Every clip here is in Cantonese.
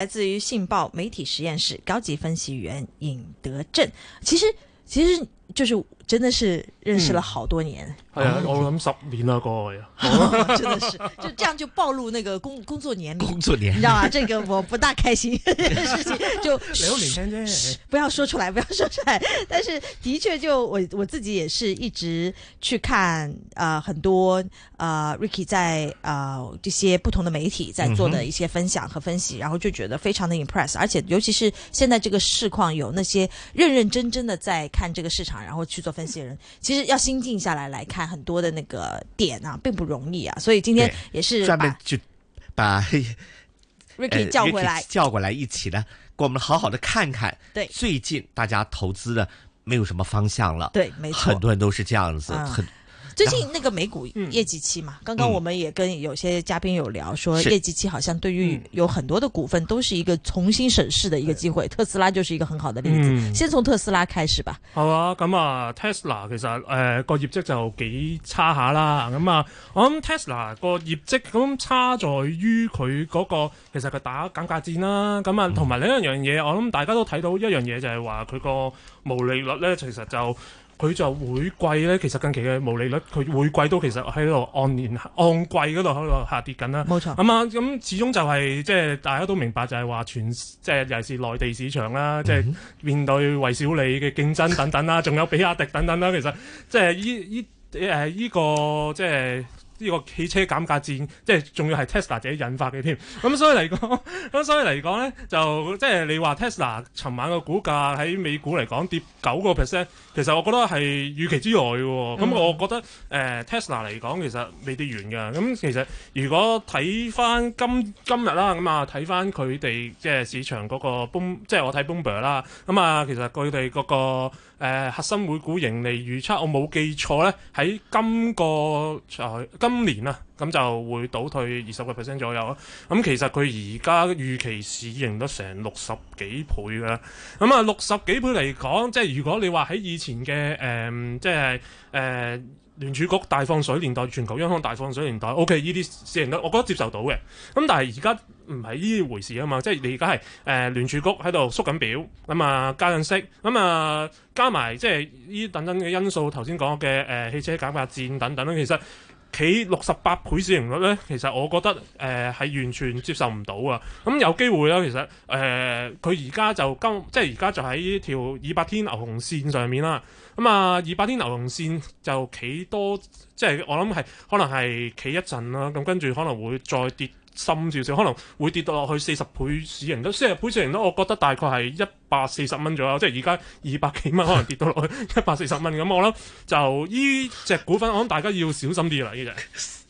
來自於信報媒體實驗室高級分析員尹德政，其實其實就是。真的是認識了好多年。嗯哦、哎呀，我諗十年啦，各位、嗯。啊吧、哦。真的是就這樣就暴露那個工作工作年齡。工作年，你知道嗎？ 這個我不大開心的事情， 就噓不要說出來，不要說出來。但是的確，就我我自己也是一直去看呃很多呃 Ricky 在呃這些不同的媒體在做的一些分享和分析，嗯、哼然後就覺得非常的 impress，而且尤其是現在這個市況，有那些認認真真的在看這個市場，然後去做分。那些人其實要心靜下來來看很多的那個點啊，並不容易啊。所以今天也是專門就把 Ricky 叫回來，呃 Ricky，叫過來一起呢，給我們好好的看看。對，最近大家投資的沒有什麼方向了，對，沒錯，很多人都是這樣子。嗯、很。最近那個美股業績期嘛，剛剛、嗯、我們也跟有些嘉賓有聊，嗯、說業績期好像對於有很多的股份都是一個重新審視的一個機會，嗯、特斯拉就是一個很好的例子。嗯、先從特斯拉開始吧。好啊，咁啊，Tesla 其實誒個、呃、業績就幾差下啦。咁、嗯、啊，嗯、我諗 Tesla 個業績咁差在於佢嗰個其實佢打減價戰啦。咁、嗯、啊，同埋另一樣嘢，我諗大家都睇到一樣嘢就係話佢個毛利率咧，其實就。佢就會貴咧，其實近期嘅毛利率，佢會貴都其實喺度按年按季嗰度喺度下跌緊啦、啊。冇錯。咁、嗯、啊，咁始終就係、是、即係大家都明白就，就係話全即係尤其是內地市場啦、啊，即係、嗯、哼面對蔚小理嘅競爭等等啦、啊，仲有比亞迪等等啦、啊，其實即係依依誒依個即係。呢個汽車減價戰，即係仲要係 Tesla 自己引發嘅添，咁所以嚟講，咁所以嚟講咧，就即係、就是、你話 Tesla 尋晚個股價喺美股嚟講跌九個 percent，其實我覺得係預期之外喎。咁我覺得誒、呃、Tesla 嚟講其實未跌完嘅。咁其實如果睇翻今今日啦，咁啊睇翻佢哋即係市場嗰個 boom，即係我睇 Bloomberg 啦。咁啊，其實佢哋嗰個。誒、呃、核心每股盈利預測，我冇記錯咧，喺今、這個就、呃、今年啊，咁就會倒退二十個 percent 左右啊。咁其實佢而家預期市盈都成六十幾倍嘅。咁啊，六十幾倍嚟講，即係如果你話喺以前嘅誒、呃，即係誒。呃聯儲局大放水年代，全球央行大放水年代，OK 呢啲事情我覺得接受到嘅。咁但係而家唔係呢回事啊嘛，即係你而家係誒聯儲局喺度縮緊表，咁啊加緊息，咁啊加埋即係呢等等嘅因素，頭先講嘅誒汽車減價戰等等啦，其實。企六十八倍市盈率咧，其實我覺得誒，係、呃、完全接受唔到啊！咁有機會啦，其實誒，佢而家就今即係而家就喺呢條二百天牛熊綫上面啦。咁啊，二百天牛熊綫就企多，即係我諗係可能係企一陣啦。咁跟住可能會再跌。深少少，可能會跌到落去四十倍市盈率，四十倍市盈率，我覺得大概係一百四十蚊左右，即係而家二百幾蚊，可能跌到落去一百四十蚊咁，我諗就依隻股份，我諗大家要小心啲啦，呢隻。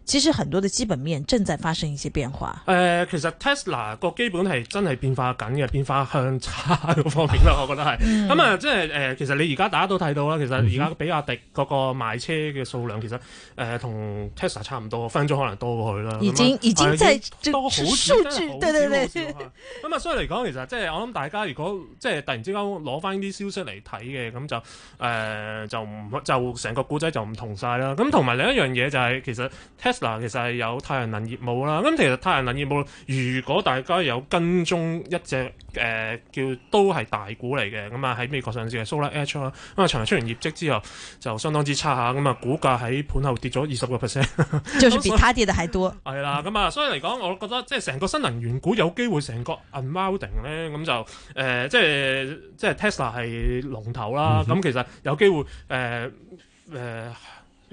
其實很多的基本面正在發生一些變化。誒、呃，其實 Tesla 個基本係真係變化緊嘅，變化向差個方面啦，我覺得係。咁啊、 嗯，即係誒，其實你而家大家都睇到啦，其實而家比亞迪嗰個賣車嘅數量，其實誒同 Tesla 差唔多，分鐘可能多過去啦。已經已經在多好少？對對對。咁啊，所以嚟講，其實即係我諗大家如果即係突然之間攞翻啲消息嚟睇嘅，咁就誒、呃、就唔就成個故仔就唔同晒啦。咁同埋另一樣嘢就係、是、其實。Tesla 其實係有太陽能業務啦，咁其實太陽能業務，如果大家有跟蹤一隻誒、呃、叫都係大股嚟嘅，咁啊，喺美國上市嘅 SolarEdge 啦，咁啊長期出完業績之後就相當之差下，咁啊股價喺盤後跌咗二十個 percent，就是比它跌得還多。係 啦，咁啊，所以嚟講，我覺得即係成個新能源股有機會呢，成個 unwinding 咧，咁就誒，即係即係 Tesla 係龍頭啦，咁、嗯、哼其實有機會誒誒。呃呃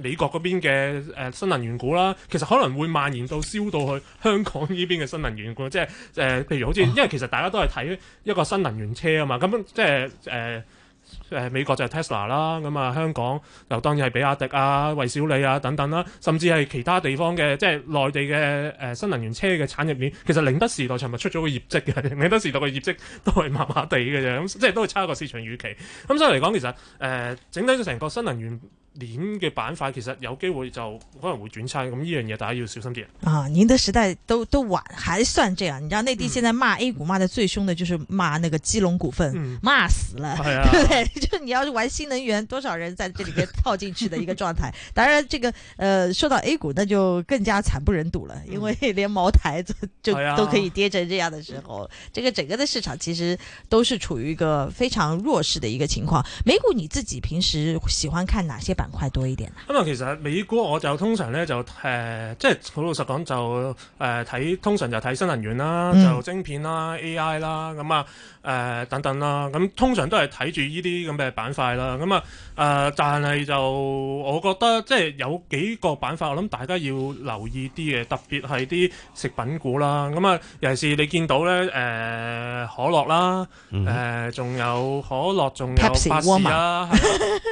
美國嗰邊嘅、呃、新能源股啦，其實可能會蔓延到燒到去香港呢邊嘅新能源股，即係誒、呃，譬如好似、啊、因為其實大家都係睇一個新能源車啊嘛，咁即係誒、呃、美國就係 Tesla 啦，咁啊香港就當然係比亞迪啊、蔚小理啊等等啦，甚至係其他地方嘅即係內地嘅、呃、新能源車嘅產業鏈。其實寧德時代尋日出咗個業績嘅，寧德時代嘅業績都係麻麻地嘅啫，咁即係都係差一個市場預期。咁所以嚟講，其實誒、呃、整體成個新能源年嘅板塊其實有機會就可能會轉差，咁呢樣嘢大家要小心啲。啊，寧德時代都都玩，還算這樣。你知道內地現在罵 A 股罵的、嗯、最兇的，就是罵那個基隆股份，罵、嗯、死了，對，就你要是玩新能源，多少人在這裏邊套進去的一個狀態。 當然，這個呃，說到 A 股，那就更加慘不忍睹了，嗯、因為連茅台都就，就都可以跌成這樣的時候，啊、這個整個的市場其實都是處於一個非常弱勢的一個情況。美股你自己平時喜歡看哪些板？快多一點。咁啊、嗯，其實美股我就通常咧就誒、呃，即係好老實講就誒，睇、呃、通常就睇新能源啦，嗯、就晶片啦，AI 啦，咁啊。誒等等啦，咁通常都係睇住呢啲咁嘅板塊啦。咁啊誒，但係就我覺得即係有幾個板塊，我諗大家要留意啲嘅，特別係啲食品股啦。咁啊，尤其是你見到咧誒、呃、可樂啦，誒、呃、仲有可樂，仲有百事啦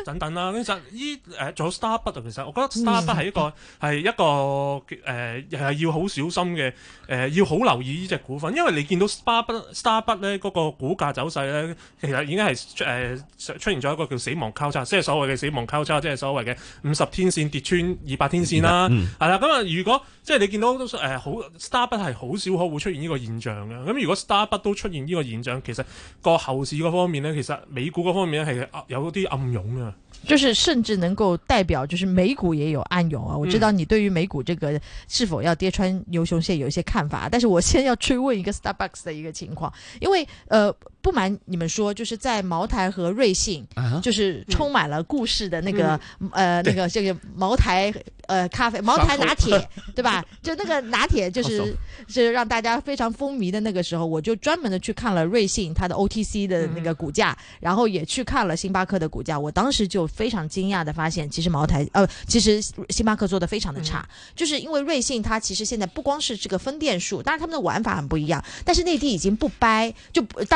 等等啦。其實呢，誒仲的 有 Starbucks 啊，其實我覺得 Starbucks 係一個係、嗯、哼一個誒係、呃、要好小心嘅誒、呃、要好留意呢隻股份，因為你見到 Starbucks Starbucks 咧個。股價走勢咧，其實已經係誒出，、呃、出現咗一個叫死亡交叉，即、就、係、是、所謂嘅死亡交叉，即、就、係、是、所謂嘅五十天線跌穿二百天線啦、啊。係啦、嗯，咁啊、嗯，如果即係你見到誒、呃、好 Starbucks 係好少可會出現呢個現象嘅，咁如果 Starbucks 都出現呢個現象，其實個後市嗰方面咧，其實美股嗰方面係有啲暗湧嘅。就是甚至能夠代表，就是美股也有暗湧啊！我知道你對於美股這個是否要跌穿牛熊線有一些看法，嗯、但是我先要追問一個 Starbucks 嘅一個情況，因為誒。呃呃、不瞞你們說，就是在茅台和瑞幸，uh huh? 就是充滿了故事的那個、嗯、呃那個這個茅台呃咖啡，茅台拿鐵 對吧？就那個拿鐵，就是 是讓大家非常風靡的那個時候，我就專門的去看了瑞幸它的 OTC 的那個股價，嗯、然後也去看了星巴克的股價。我當時就非常驚訝的發現，其實茅台呃，其實星巴克做的非常的差，嗯、就是因為瑞幸它其實現在不光是這個分店數，當然他們的玩法很不一樣，但是內地已經不掰就大。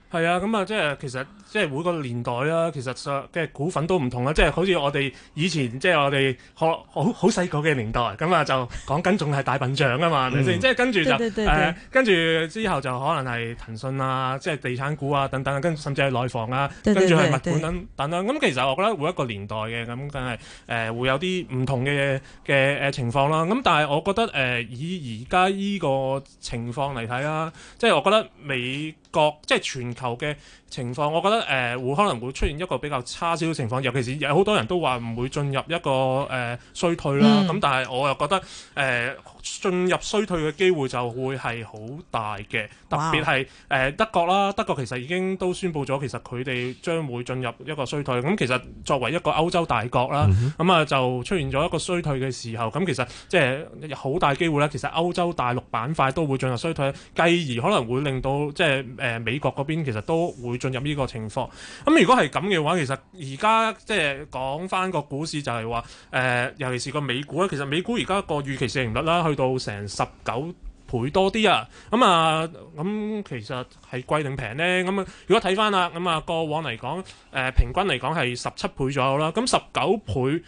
係啊，咁、嗯、啊，即係其實即係每個年代啦，其實即係股份都唔同啦，即係好似我哋以前即係我哋好好好細個嘅年代，咁啊就講緊仲係大笨象啊嘛，係咪先？即係跟住就跟住、呃、之後就可能係騰訊啊，即係地產股啊等等跟甚至係內房啊，對對對對對，跟住係物管，對對對，等等啊。咁其實我覺得每一個年代嘅咁梗係誒會有啲唔同嘅嘅誒情況啦。咁但係我覺得誒、呃、以而家呢個情況嚟睇啦，即係我覺得美。個即係全球嘅情況，我覺得誒會、呃、可能會出現一個比較差少少情況，尤其是有好多人都話唔會進入一個誒、呃、衰退啦。咁、嗯、但係我又覺得誒。呃進入衰退嘅機會就會係好大嘅，特別係誒德國啦，德國其實已經都宣布咗，其實佢哋將會進入一個衰退。咁其實作為一個歐洲大國啦，咁啊就出現咗一個衰退嘅時候，咁其實即係好大機會咧。其實歐洲大陸板塊都會進入衰退，繼而可能會令到即係誒美國嗰邊其實都會進入呢個情況。咁如果係咁嘅話，其實而家即係講翻個股市就係話誒，尤其是個美股咧，其實美股而家個預期市盈率啦。去到成十九倍多啲啊！咁、嗯、啊，咁、嗯、其實係貴定平呢？咁、嗯、如果睇翻啦，咁、嗯、啊過往嚟講，誒、呃、平均嚟講係十七倍左右啦。咁十九倍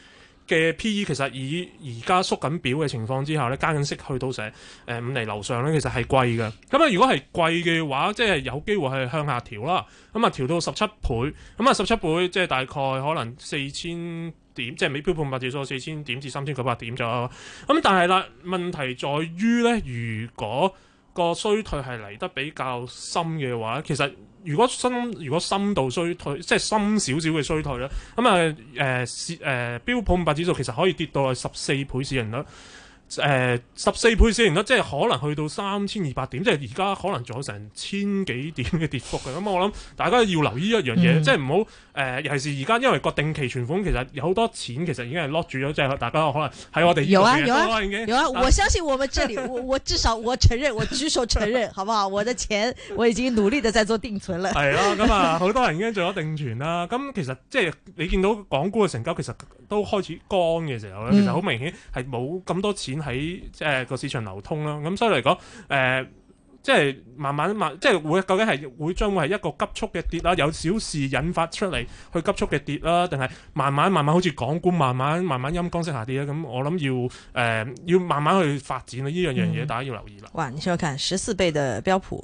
嘅 P/E 其實以而家縮緊表嘅情況之下咧，加緊息去到成誒、呃、五厘。樓上咧，其實係貴嘅。咁、嗯、啊，如果係貴嘅話，即、就、係、是、有機會係向下調啦。咁、嗯、啊，調到十七倍，咁、嗯、啊，十七倍即係大概可能四千點，即、就、係、是、美標盤百指數四千點至三千九百點咗咁、嗯、但係啦，問題在於咧，如果個衰退係嚟得比較深嘅話，其實如果深，如果深度衰退，即係深少少嘅衰退啦。咁啊誒市標普五百指數其實可以跌到係十四倍市盈率。誒十四倍先啦，即係可能去到三千二百點，即係而家可能仲有成千幾點嘅跌幅嘅。咁我諗大家要留意一樣嘢，即係唔好誒，尤其是而家，因為個定期存款其實有好多錢，其實已經係鎖住咗，即係大家可能喺我哋有啊有啊有啊，有啊！我相信我哋，我 我至少我承認，我舉手承認，好唔好？ 我嘅錢，我已經努力地在做定存啦。係啊，咁啊，好多人已經做咗定存啦。咁其實即係你見到港股嘅成交，其實。都開始乾嘅時候咧，其實好明顯係冇咁多錢喺即係個市場流通啦。咁所以嚟講，誒、呃、即係慢慢慢，即係會究竟係會將會係一個急速嘅跌啦，有小事引發出嚟去急速嘅跌啦，定係慢慢慢慢好似港股慢慢慢慢陰光式下跌咧？咁我諗要誒、呃、要慢慢去發展啊！呢樣樣嘢大家要留意啦、嗯。哇！你先要看十四倍的標普。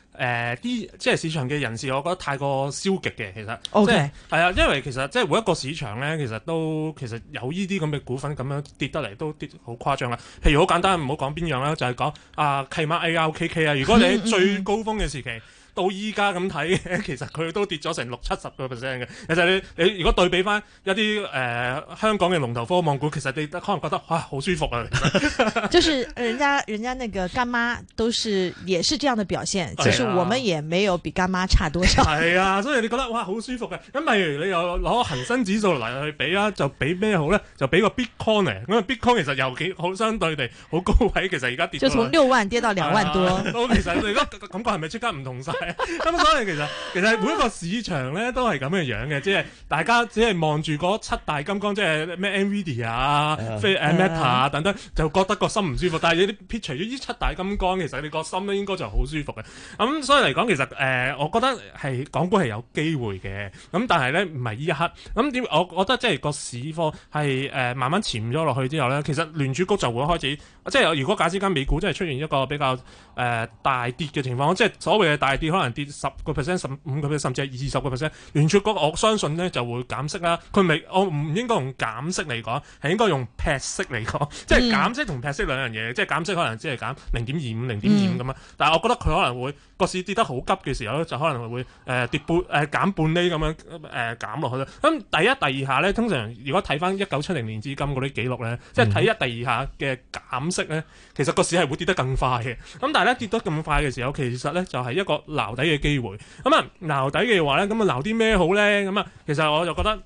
誒啲、呃、即係市場嘅人士，我覺得太過消極嘅。其實 Okay. 即係啊，因為其實即係每一個市場咧，其實都其實有呢啲咁嘅股份咁樣跌得嚟都跌好誇張啦。譬如好簡單，唔好講邊樣啦，就係講啊，契馬 ARKK 啊，KK, 如果你喺最高峰嘅時期。 到依家咁睇其實佢都跌咗成六七十個 percent 嘅。其實你你如果對比翻一啲誒、呃、香港嘅龍頭科網股，其實你可能覺得哇好舒服啊。其實就是人家 人家那個幹媽都是也是這樣的表現，其實、哎、呀我們也沒有比幹媽差多少。係啊、哎，所以你覺得哇好舒服嘅、啊。咁譬如你又攞恒生指數嚟去比啊，就比咩好咧？就比個 Bitcoin 嚟。咁 Bitcoin 其實又幾好，相對地好高位，其實而家跌就從六萬跌到兩萬多。都、哎、呀 其實你個感覺係咪即刻唔同晒？ 咁 所以其實其實每一個市場咧都係咁嘅樣嘅，即係大家只係望住嗰七大金剛，即係咩 NVIDIA 啊、Meta 啊等等，就覺得個心唔舒服。但係你撇除咗呢七大金剛，其實你個心咧應該就好舒服嘅。咁、嗯、所以嚟講，其實誒、呃，我覺得係港股係有機會嘅。咁但係咧唔係呢一刻。咁點我覺得即係個市況係誒慢慢潛咗落去之後咧，其實聯儲局就會開始，即係如果假設間美股真係出現一個比較誒、呃、大跌嘅情況，即係所謂嘅大跌。可能跌十個 percent、十五個 percent 甚至係二十個 percent，完全嗰個我相信咧就會減息啦。佢未，我唔應該用減息嚟講，係應該用劈息嚟講。即係減息同劈息兩樣嘢。嗯、即係減息可能只係減零點二五、零點二五咁樣。但係我覺得佢可能會個市跌得好急嘅時候咧，就可能會會跌半誒、呃、減半呢咁樣誒、呃、減落去啦。咁第一、第二下咧，通常如果睇翻一九七零年至今嗰啲記錄咧，嗯、即係睇一第二下嘅減息咧，其實個市係會跌得更快嘅。咁但係咧跌得咁快嘅時候，其實咧就係一個。撈底嘅機會，咁啊，撈底嘅話咧，咁啊，撈啲咩好咧？咁啊，其實我就覺得，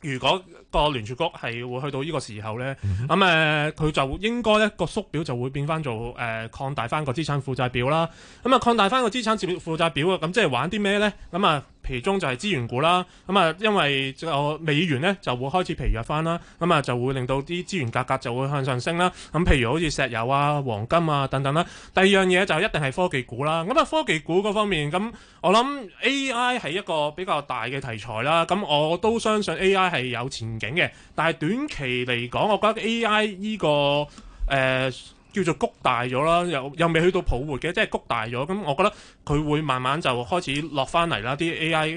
如果個聯儲局係會去到呢個時候呢，咁誒佢就應該呢個縮表就會變翻做誒擴大翻個資產負債表啦。咁、嗯、啊擴大翻個資產負債債表嘅，咁、嗯、即係玩啲咩呢？咁、嗯、啊其中就係資源股啦。咁、嗯、啊因為美元呢就會開始疲弱翻啦，咁、嗯、啊就會令到啲資源價格就會向上升啦。咁、嗯、譬如好似石油啊、黃金啊等等啦、啊。第二樣嘢就一定係科技股啦。咁、嗯、啊科技股嗰方面，咁、嗯、我諗 AI 係一個比較大嘅題材啦。咁、嗯、我都相信 AI 係有前景嘅，但係短期嚟講，我覺得 A I 呢、這個誒、呃、叫做谷大咗啦，又又未去到普活嘅，即係谷大咗。咁我覺得佢會慢慢就開始落返嚟啦，啲 A I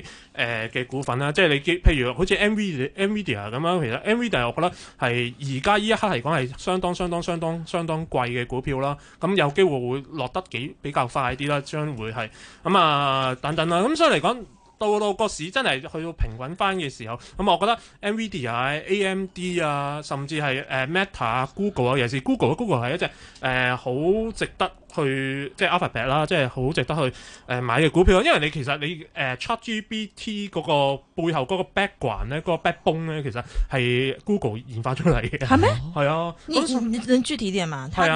誒嘅股份啦，即係你譬如好似 NVIDIA NVIDIA 咁樣，其實 NVIDIA 我覺得係而家呢一刻嚟講係相當相當相當相當貴嘅股票啦。咁有機會會落得幾比較快啲啦，將會係咁啊等等啦。咁所以嚟講。到到個市真係去到平穩翻嘅時候，咁我覺得 NVIDIA、AMD 啊，甚至係誒 Meta 啊、Google 啊，尤其是 Google 啊，Google 係一隻誒好值得。去即係 alphabet 啦，即係好值得去誒、呃、買嘅股票，因為你其實你誒、呃、ChatGPT 嗰個背後嗰個 background 咧，嗰個 backbone 咧，其實係 Google 研發出嚟嘅。係咩嗎？係啊。時你你能具體啲嘛？佢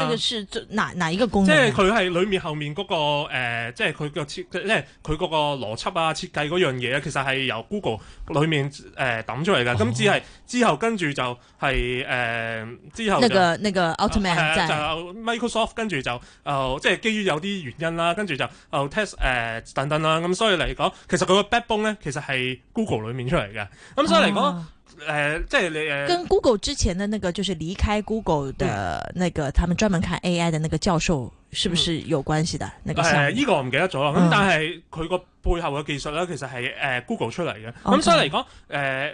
係裏面後面嗰、那個誒、呃，即係佢嘅設，即係佢嗰個邏輯啊、設計嗰樣嘢啊，其實係由 Google 裏面誒抌、呃、出嚟嘅。咁、哦、只係之後跟住就係、是、誒、呃、之後那個那個 Altman、呃、在就 Microsoft 跟住就誒。呃即係基於有啲原因啦，跟住就哦 test、呃、等等啦，咁、嗯、所以嚟講，其實佢個 backbone 咧，其實係 Google 裏面出嚟嘅，咁、嗯、所以嚟講、哦呃、即係你跟 Google 之前的那個，就是離開 Google 的那個，他們專門看 AI 的那個教授，是不是有關係的？誒、嗯，依個、呃、這個我唔記得咗啦，咁、嗯、但係佢個背後嘅技術咧，其實係、呃、Google 出嚟嘅，咁、哦嗯、所以嚟講 okay.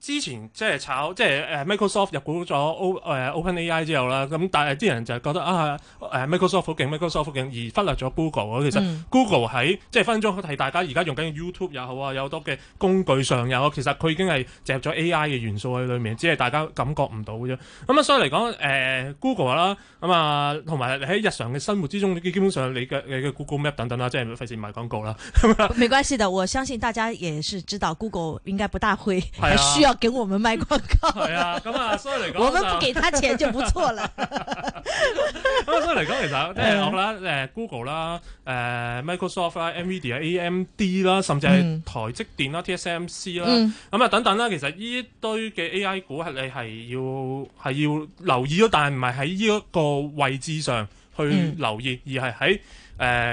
之前即係炒即係、就、誒、是、Microsoft 入股咗 OpenAI 之後啦，咁但係啲人就覺得啊，啊 Microsoft 好勁，Microsoft 好勁，而忽略咗 Google 啊。其實 Google 喺即係分分鐘係大家而家用緊 YouTube 又好啊，有好多嘅工具上又好，其實佢已經係植入咗 AI 嘅元素喺裏面，只係大家感覺唔到嘅啫。咁啊，所以嚟講誒、啊、Google 啦、啊，咁啊同埋喺日常嘅生活之中，基本上你嘅 Google Map 等等啦，即係費事賣廣告啦。冇關係的，我相信大家也是知道 Google 應該不大會需要。要畀我們賣廣告，係啊，咁啊，所以嚟講，我們唔畀佢錢就不錯啦。咁啊，所以嚟講，其實即係我覺得，誒，Google 啦，誒，Microsoft 啦，Nvidia、AMD 啦，甚至係台積電啦、TSMC 啦，咁啊，等等啦，其實呢堆嘅 AI 股係你係要係要留意咯，但係唔係喺呢一個位置上去留意，而係喺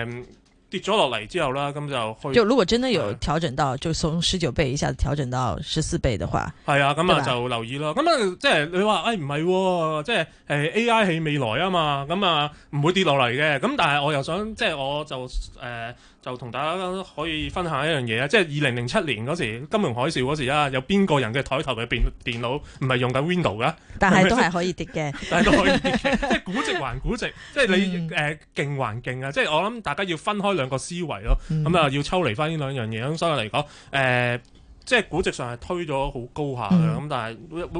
誒。跌咗落嚟之後啦，咁就開就如果真係有調整到，呃、就從十九倍一下子調整到十四倍嘅話，係啊，咁啊就留意咯。咁啊吧，即係你話，誒唔係，即係誒 A I 係未來啊嘛，咁啊唔會跌落嚟嘅。咁但係我又想，即、就、係、是、我就誒。呃就同大家可以分享一樣嘢啊！即係二零零七年嗰時金融海嘯嗰時啊，有邊個人嘅台頭嘅電電腦唔係用緊 Window 噶？但係都係可以跌嘅， 但係都可以跌嘅， 即係估值還估值，即係你誒、嗯呃、勁還勁啊！即係我諗大家要分開兩個思維咯，咁啊、嗯、要抽離翻呢兩樣嘢，所以嚟講誒。呃即係估值上係推咗好高下嘅，咁但係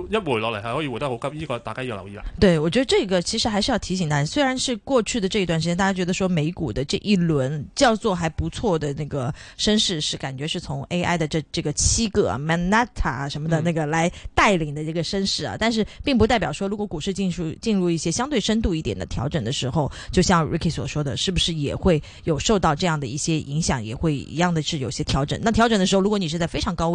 一一回落嚟係可以回得好急，呢個大家要留意啦。對，我覺得這個其實還是要提醒大家，雖然是過去的這一段時間，大家覺得說美股的這一輪叫做還不錯的那個升勢，是感覺是從 AI 的這這個七個、啊、Manata 什麼的那個來帶領的這個升勢啊，嗯、但是並不代表說如果股市進入進入一些相對深度一點的調整的時候，就像 Ricky 所說的，是不是也會有受到這樣的一些影響，也會一樣的是有些調整。那調整的時候，如果你是在非常高位。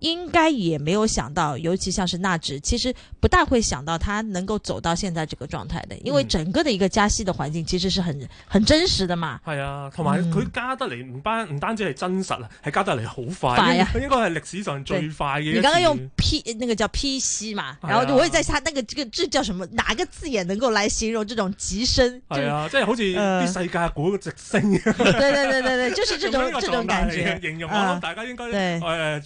應該也沒有想到，尤其像是納指，其實不大會想到他能夠走到現在這個狀態的，因為整個的一個加息的環境其實是很很真實的嘛。係、嗯、啊，同埋佢加得嚟唔單唔單止係真實啊，係加得嚟好快，啊應該係歷史上最快嘅。你剛剛用 P 那個叫 PC 嘛，啊、然後我也在他那個這、那個這叫什麼哪個字眼能夠來形容這種急升係啊，即係好似世界股直升。對、呃、 對對對對，就是這種這種感覺。形容我諗大家應該該對、呃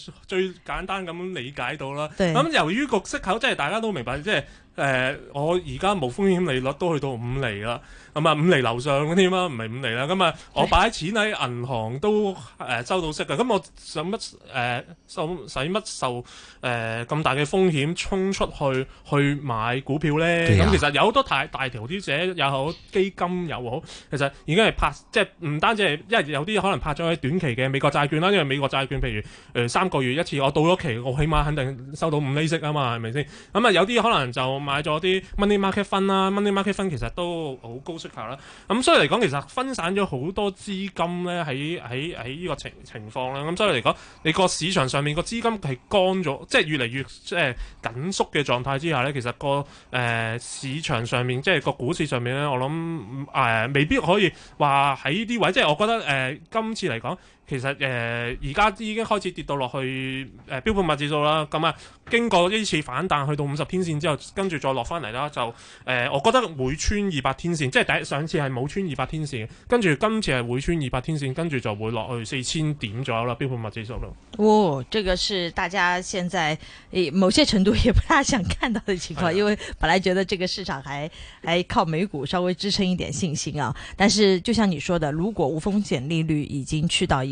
簡單咁理解到啦。咁對由於個息口，即係大家都明白，即係誒、呃，我而家冇風險利率都去到五厘啦。咁啊五厘樓上嗰啲嘛，唔係五厘啦。咁啊，我擺錢喺銀行都誒收到息嘅。咁我使乜誒受使乜受誒咁大嘅風險衝出去去買股票咧？咁、啊、其實有，有好多大大投資者又好基金又好，其實已經係拍即係唔單止係，因為有啲可能拍咗喺短期嘅美國債券啦。因為美國債券譬如誒、呃、三個月一次，我到咗期我起碼肯定收到五厘息啊嘛，係咪先？咁啊有啲可能就買咗啲 money market fund 啦，money market fund 其實都好高。需求啦，咁、嗯、所以嚟講，其實分散咗好多資金咧，喺喺喺呢個情情況咧，咁、嗯、所以嚟講，你個市場上面個資金係乾咗，即係越嚟越即係、呃、緊縮嘅狀態之下咧，其實個誒、呃、市場上面即係個股市上面咧，我諗誒、呃、未必可以話喺呢啲位置，即係我覺得誒、呃、今次嚟講。其實誒而家已經開始跌到落去誒、呃、標普物指數啦，咁啊經過呢次反彈去到五十天線之後，跟住再落翻嚟啦，就誒、呃、我覺得會穿二百天線，即係第一上次係冇穿二百天線，跟住今次係會穿二百天線，跟住就會落去四千點左右啦，標普物指數咯。哦，這個是大家現在、呃、某些程度也不大想看到的情況 因為本來覺得這個市場還還靠美股稍微支撐一點信心啊，但是就像你說的，如果無風險利率已經去到一。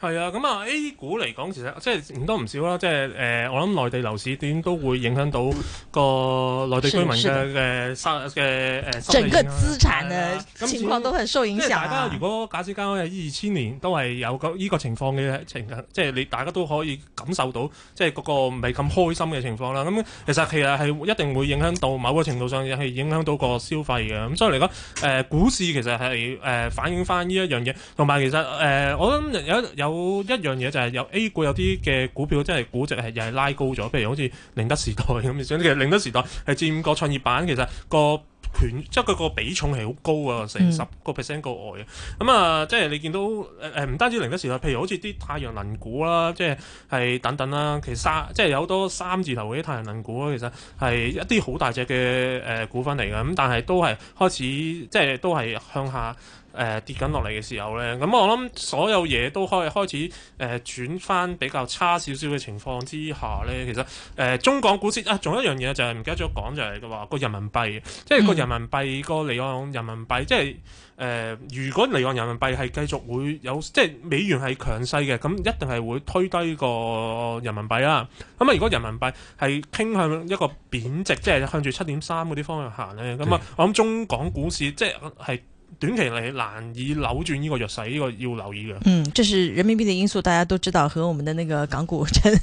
係啊，咁啊 A 股嚟講，其實即係唔多唔少啦，即係誒，我諗內地樓市點都會影響到個內地居民嘅嘅生嘅誒。整個資產嘅情況都很受影響。即係大家如果假設間有二千年，都係有個呢個情況嘅情況，即係你大家都可以感受到，即係嗰個唔係咁開心嘅情況啦。咁其實其實係一定會影響到某個程度上，係影響到個消費嘅。咁所以嚟講，誒股市其實係誒反映翻呢一樣嘢，同埋其實誒我諗有有。有一樣嘢就係、係、有 A 股有啲嘅股票，即係估值係又係拉高咗，譬如好似寧德時代咁。其實寧德時代係佔個創業板，其實個權即係佢個比重係好高啊，成十個 percent 個外嘅。咁啊、嗯嗯，即係你見到誒誒，唔、呃、單止寧德時代，譬如好似啲太陽能股啦，即係係等等啦。其實三即係有好多三字頭嗰啲太陽能股，其實係一啲好大隻嘅誒股份嚟嘅。咁但係都係開始，即係都係向下。誒、呃、跌緊落嚟嘅時候咧，咁我諗所有嘢都可以開始誒、呃、轉翻比較差少少嘅情況之下咧，其實、呃、中港股市啊，仲有一樣嘢就係唔記得咗講就係、是、話個人民幣，即、就、係、是、個人民幣個、嗯、離岸人民幣，即係誒如果離岸人民幣係繼續會有，即、就、係、是、美元係強勢嘅，咁一定係會推低個人民幣啦。咁啊，如果人民幣係傾向一個貶值，即、就、係、是、向住七點三嗰啲方向行咧，咁啊，對我諗中港股市即係。就是短期嚟難以扭轉呢個弱勢，呢、這個要留意嘅。嗯，這是人民幣的因素，大家都知道，和我們的那個港股真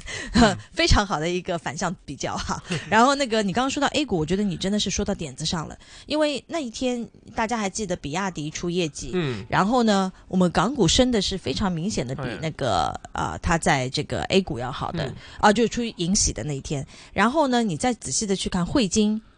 非常好的一個反向比較哈。嗯、然後那個你剛剛說到 A 股，我覺得你真的是說到點子上了，因為那一天大家還記得，比亞迪出業績，嗯，然後呢，我們港股升的是非常明顯的，比那個啊，它、嗯呃、在這個 A 股要好的，嗯、啊，就出盈喜的那一天。然後呢，你再仔細的去看匯金。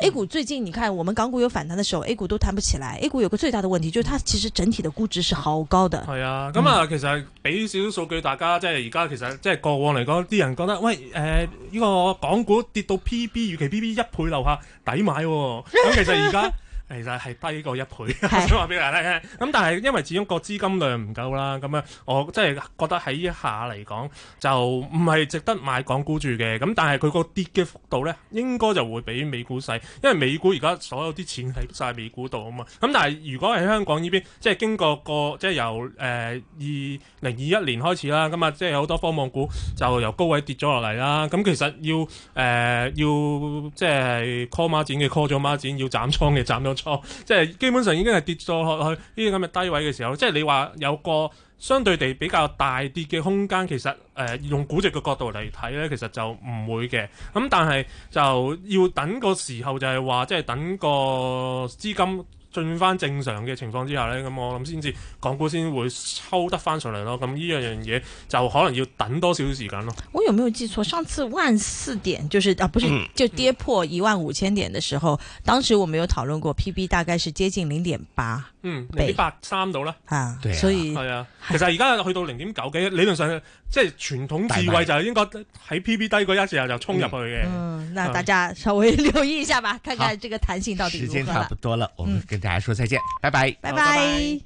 A 股最近，你看我們港股有反彈的時候，A 股都彈不起來。A 股有個最大的問題，就是它其實整體的估值是好高的。係啊，咁啊，嗯、其實俾少數據，大家即係而家，其實即係過往嚟講，啲人覺得，喂，誒、呃，呢、這個港股跌到 P B 預期 P B, B 一倍樓下，抵買喎、哦。咁其實而家。 其實係低過一倍，咁是的 但係因為始終個資金量唔夠啦，咁我即係覺得喺依下嚟講就唔係值得買港股住嘅。咁但係佢個跌嘅幅度咧，應該就會比美股細，因為美股而家所有啲錢喺晒美股度啊嘛。咁但係如果喺香港呢邊，即係經過個即係由誒二零二一年開始啦，咁啊，即係好多科網股就由高位跌咗落嚟啦。咁其實要誒、呃、要即係 call 孖展嘅 call 咗孖展，要斬倉嘅斬咗。錯，即係基本上已經係跌咗落去呢啲咁嘅低位嘅時候，即係你話有個相對地比較大跌嘅空間，其實誒用估值嘅角度嚟睇咧，其實就唔會嘅。咁但係就要等個時候就是說，就係話即係等個資金。進翻正常嘅情況之下呢，咁我諗先至港股先會抽得翻上嚟咯。咁呢樣樣嘢就可能要等多少少時間咯。我有冇有記錯？上次萬四點，就是、嗯、啊，不是就跌破一萬五千點的時候，嗯、當時我們有討論過 P B 大概是接近零點八，嗯，零點八三到啦。啊，所以係啊，啊其實而家去到零點九幾，理論上。即係傳統智慧就係應該喺 P P 低嗰一時候就衝入去嘅、嗯。嗯，那大家稍微留意一下吧，看看這個彈性到底如何。時間差不多了，我們跟大家說再見，嗯、拜拜，拜拜。